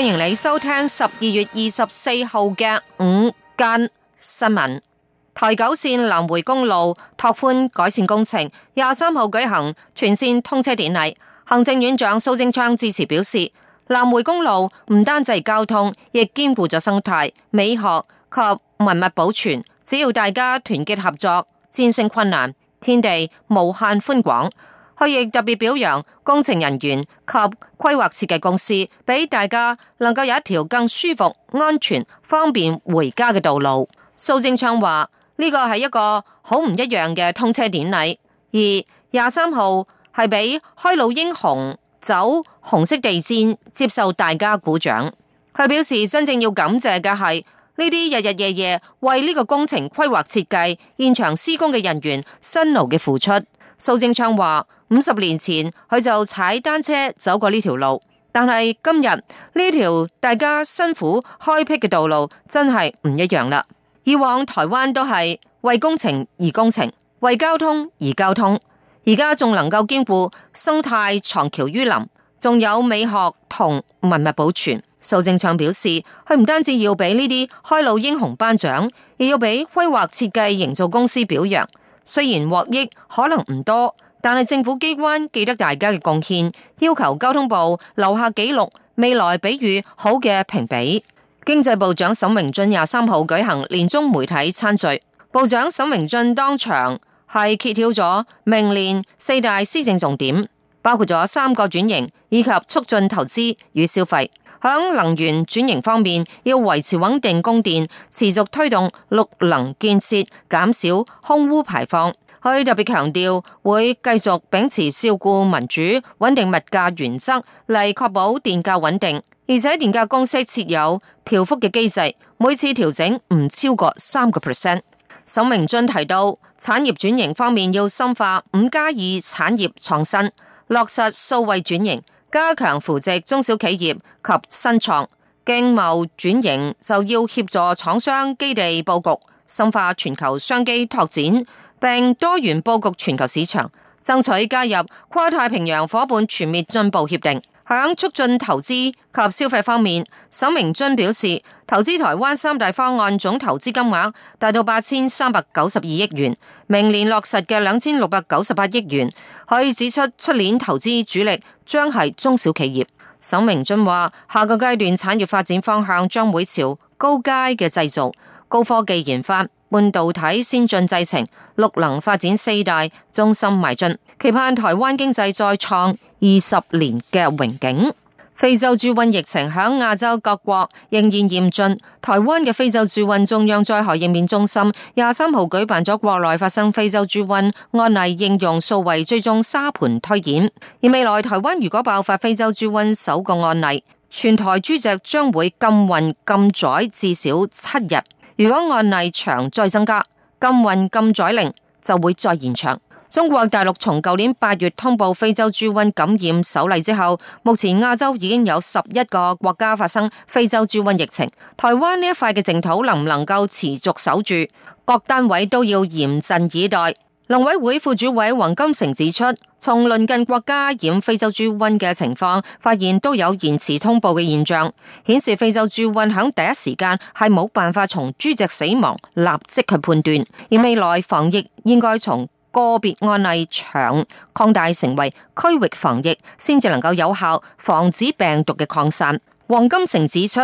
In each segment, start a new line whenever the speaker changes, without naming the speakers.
歡迎你收聽十二月二十四號嘅午間新聞。台九線南回公路拓寬改善工程廿三號舉行全線通車典禮。行政院長蘇貞昌致辭表示，南回公路唔單止係交通，亦兼顧咗生態、美學及文物保存。只要大家團結合作，戰勝困難，天地無限寬廣。佢亦特別表揚工程人員及規劃設計公司，俾大家能夠有一條更舒服、安全、方便回家嘅道路。蘇貞昌話：呢個係一個好唔一樣嘅通車典禮。而廿三號係俾開路英雄走紅色地氈，接受大家鼓掌。佢表示真正要感謝嘅係呢啲日日夜夜為呢個工程規劃設計、現場施工嘅人員辛勞嘅付出。蘇貞昌話：五十年前佢就踩單車走過呢條路，但係今日呢條大家辛苦開闢嘅道路真係唔一樣啦。以往台灣都係為工程而工程，為交通而交通，而家仲能夠兼顧生態、藏橋於林，仲有美學同文物保存。蘇貞昌表示，佢唔單止要俾呢啲開路英雄頒獎，又要俾規劃設計營造公司表揚。雖然獲益可能唔多，但係政府機關記得大家嘅貢獻，要求交通部留下記錄，未來給予好嘅評比。經濟部長沈榮津廿三號舉行年終媒體餐敘，部長沈榮津當場係揭曉咗明年四大施政重點，包括咗三個轉型以及促進投資與消費。響能源轉型方面，要維持穩定供電，持續推動綠能建設，減少空污排放。佢特別強調會繼續秉持照顧民主、穩定物價原則，嚟確保電價穩定，而且電價公式設有調幅嘅機制，每次調整唔超過三個 percent。沈明俊提到，產業轉型方面要深化五加二產業創新，落實數位轉型。加強扶植中小企業及新創，經貿轉型就要協助廠商基地布局，深化全球商機拓展，並多元布局全球市場，爭取加入跨太平洋夥伴全面進步協定。喺促進投資及消費方面，沈明津表示，投資台灣三大方案總投資金額達到八千三百九十二億元，明年落實嘅兩千六百九十八億元，可以指出，出年投資主力將係中小企業。沈明津話，下個階段產業發展方向將會朝高階嘅製造、高科技研發。半導體、先進製程、綠能發展四大中心邁進，期盼台灣經濟再創二十年嘅榮景。非洲豬瘟疫情響亞洲各國仍然嚴峻，台灣嘅非洲豬瘟中央災害應變中心廿三號舉辦咗國內發生非洲豬瘟案例應用數位追蹤沙盤推演，而未來台灣如果爆發非洲豬瘟首個案例，全台豬隻將會禁運禁宰至少七日。如果案例長再增加，禁運禁宰令就會再延長。中國大陸從舊年八月通報非洲豬瘟感染首例之後，目前亞洲已經有十一個國家發生非洲豬瘟疫情。台灣呢一塊嘅淨土能唔能夠持續守住？各單位都要嚴陣以待。農委會副主委黃金城指出，從鄰近國家染非洲豬瘟嘅情況，發現都有延遲通報嘅現象，顯示非洲豬瘟響第一時間係冇辦法從豬隻死亡立即去判斷，而未來防疫應該從個別案例長擴大成為區域防疫，先至能夠有效防止病毒嘅擴散。黃金城指出。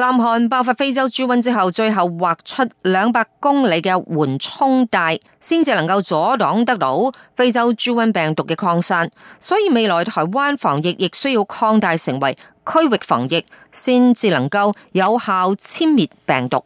南韓爆發非洲豬瘟之後，最後劃出兩百公里嘅緩衝帶，先至能夠阻擋得到非洲豬瘟病毒嘅擴散。所以未來台灣防疫亦需要擴大成為區域防疫，先至能夠有效殲滅病毒。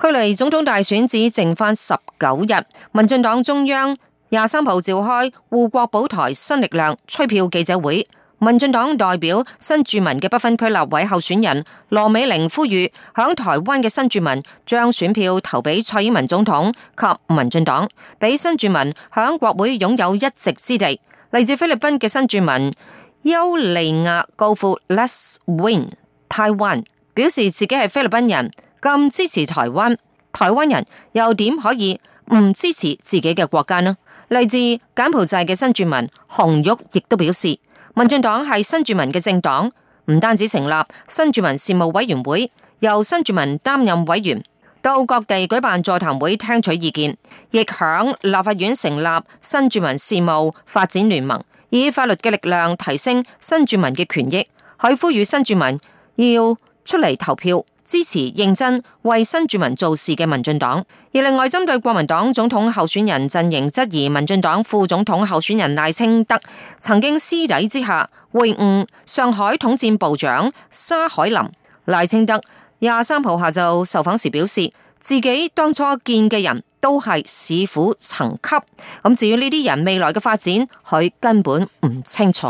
距離總統大選只剩翻十九日，民進黨中央廿三號召開護國保台新力量催票記者會。民進黨代表新住民嘅不分區立委候選人羅美玲呼籲，響台灣嘅新住民將選票投俾蔡英文總統及民進黨，俾新住民響國會擁有一席之地。嚟自菲律賓嘅新住民尤利亞高呼 “Let’s Win Taiwan”，表示自己係菲律賓人，咁支持台灣，台灣人又點可以唔支持自己嘅國家呢？嚟自柬埔寨嘅新住民洪玉亦都表示。民進黨係新住民嘅政黨，唔單止成立新住民事務委員會，由新住民擔任委員，到各地舉辦座談會聽取意見，亦響立法院成立新住民事務發展聯盟，以法律嘅力量提升新住民嘅權益。去呼籲新住民要出嚟投票。支持認真為新住民做事嘅民進黨，而另外針對國民黨總統候選人陣營質疑民進黨副總統候選人賴清德曾經私底之下會晤上海統戰部長沙海林，賴清德廿三號下晝受訪時表示，自己當初見嘅人。都係市府層級，咁至於呢啲人未來嘅發展，佢根本唔清楚。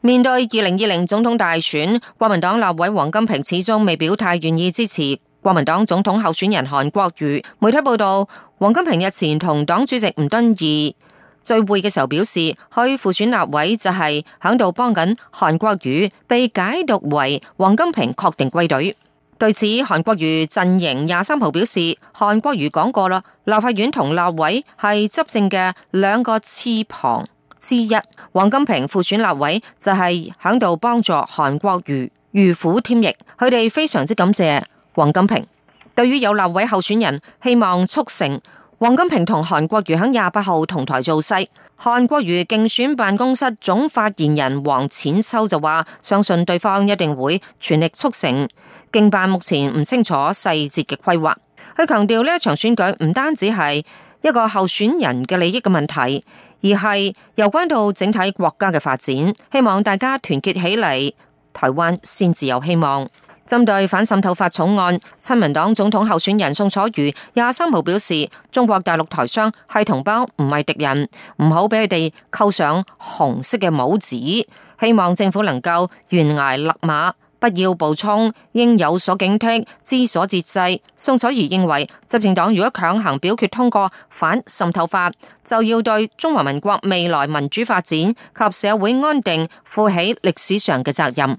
面對二零二零總統大選，國民黨立委王金平始終未表態願意支持國民黨總統候選人韓國瑜。媒體報道，王金平日前同黨主席吳敦義聚會嘅時候表示，去輔選立委就係響度幫緊韓國瑜，被解讀為王金平確定歸隊。對此，韓國瑜陣營廿三號表示，韓國瑜講過啦，立法院同立委係執政嘅兩個翅膀之一。王金平輔選立委就係響度幫助韓國瑜如虎添翼，佢哋非常之感謝王金平。對於有立委候選人，希望促成。王金平同韓國瑜喺廿八號同台造勢，韓國瑜競選辦公室總發言人王淺秋就話：相信對方一定會全力促成，競辦目前唔清楚細節嘅規劃。佢強調呢一場選舉唔單止係一個候選人嘅利益嘅問題，而係有關到整體國家嘅發展。希望大家團結起嚟，台灣先至有希望。針對反滲透法草案，親民黨總統候選人宋楚瑜廿三號表示：中國大陸台商係同胞，唔係敵人，唔好俾佢哋扣上紅色嘅帽子。希望政府能夠懸崖勒馬，不要暴衝，應有所警惕，知所節制。宋楚瑜認為，執政黨如果強行表決通過反滲透法，就要對中華民國未來民主發展及社會安定負起歷史上嘅責任。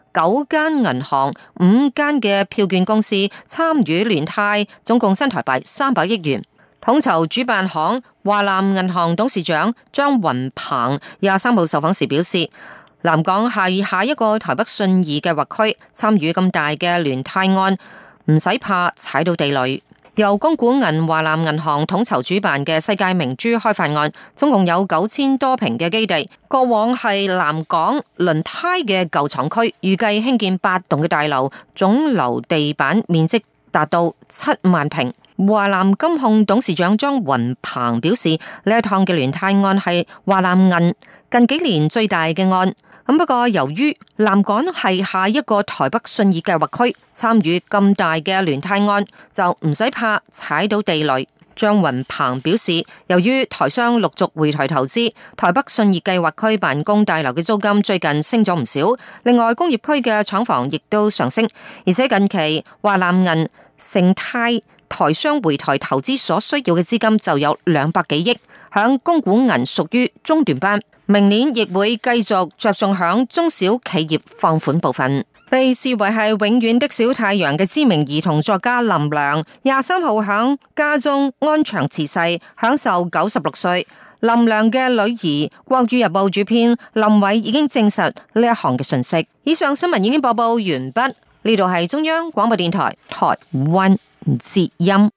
九間銀行、五間嘅票券公司參與聯貸，總共新台幣三百億元。統籌主辦行華南銀行董事長張雲鵬廿三號受訪時表示：南港係下一個台北信義嘅計劃區，參與咁大嘅聯貸案，唔使怕踩到地雷。由公股銀華南銀行統籌主辦嘅世界明珠開發案，總共有九千多平嘅基地，過往係南港輪胎嘅舊廠區，預計興建八棟嘅大樓，總樓地板面積達到七萬平。華南金控董事長張雲鵬表示，呢一趟嘅聯泰案係華南銀近幾年最大嘅案。咁不過由於南港係下一個台北信義計劃區，參與咁大嘅聯泰案就唔使怕踩到地雷。張云鵬表示，由於台商陸續回台投資，台北信義計劃區辦公大樓嘅租金最近升咗唔少，另外工業區嘅廠房亦都上升，而且近期華南銀、盛泰台商回台投資所需要嘅資金就有兩百幾億。響公股銀屬於中段班，明年亦會繼續着重響中小企業放款部分。被視為係永遠的小太陽嘅知名兒童作家林良，廿三號響家中安詳辭世，享壽九十六歲。林良嘅女兒《國語日報》主編林偉已經證實呢一項嘅信息。以上新聞已經播報完畢，呢度係中央廣播電台台灣節音。